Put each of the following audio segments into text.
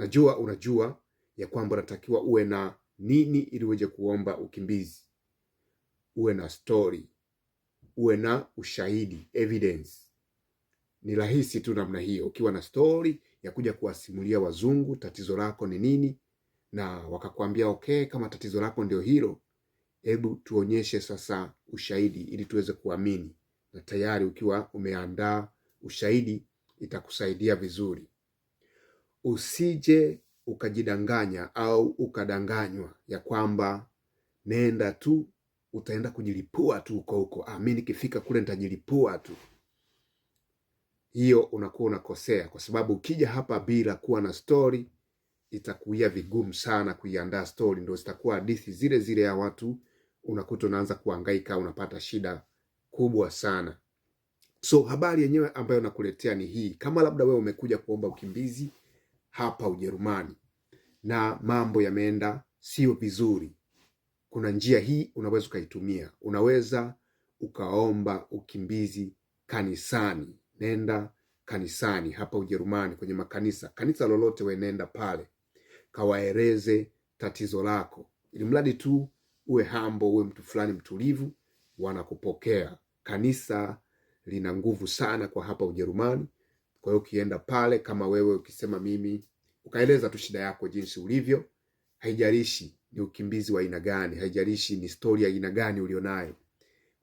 najua unajua ya kwamba unatakiwa uwe na nini ili uweze kuomba ukimbizi, uwe na stori, uwe na ushahidi evidence. Ni rahisi tu namna hiyo, ukiwa na stori ya kuja kuwasimulia wazungu tatizo lako ni nini, na wakakwambia okay, kama tatizo lako ndio hilo, hebu tuonyeshe sasa ushahidi ili tuweze kuamini. Na tayari ukiwa umeandaa ushahidi itakusaidia vizuri usije ukajidanganya au ukadanganywa ya kwamba nenda tu utaenda kujilipua tu huko huko, ah, mimi nikifika kule nitajilipua tu. Hiyo unakuwa unakosea, kwa sababu ukija hapa bila kuwa na stori itakuia vigumu sana kuiandaa stori, ndo zitakuwa hadithi zile zile ya watu, unakuta unaanza kuhangaika, unapata shida kubwa sana. So habari yenyewe ambayo nakuletea ni hii. Kama labda wewe umekuja kuomba ukimbizi hapa Ujerumani na mambo yameenda sio vizuri, kuna njia hii unaweza ukaitumia. Unaweza ukaomba ukimbizi kanisani, nenda kanisani hapa Ujerumani, kwenye makanisa, kanisa lolote we, nenda pale kawaeleze tatizo lako, ili mradi tu uwe hambo, uwe mtu fulani mtulivu, wanakupokea. Kanisa lina nguvu sana kwa hapa Ujerumani. Kwa hiyo ukienda pale, kama wewe ukisema mimi, ukaeleza tu shida yako jinsi ulivyo, haijalishi ni ukimbizi wa aina gani, haijalishi ni stori ya aina gani ulionayo.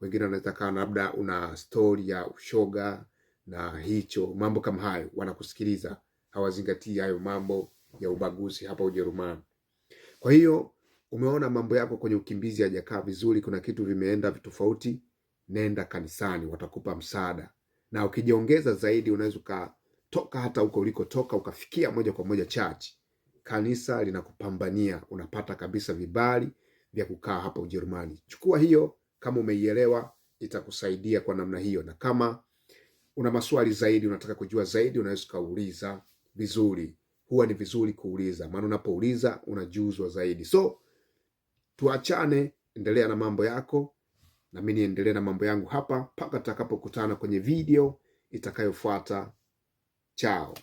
Wengine wanaweza kaa labda una stori ya ushoga na hicho mambo kama hayo, wanakusikiliza hawazingatii hayo mambo ya ubaguzi hapa Ujerumani. Kwa hiyo umeona mambo yako kwenye ukimbizi hajakaa vizuri, kuna kitu vimeenda tofauti, nenda kanisani, watakupa msaada na ukijiongeza zaidi unaweza ukatoka hata huko ulikotoka ukafikia moja kwa moja church. Kanisa linakupambania, unapata kabisa vibali vya kukaa hapa Ujerumani. Chukua hiyo kama umeielewa, itakusaidia kwa namna hiyo, na kama una maswali zaidi, unataka kujua zaidi, unaweza ukauliza vizuri. Huwa ni vizuri kuuliza, maana unapouliza unajuzwa zaidi. So tuachane, endelea na mambo yako na mimi niendelee na mambo yangu hapa mpaka tutakapokutana kwenye video itakayofuata. Chao.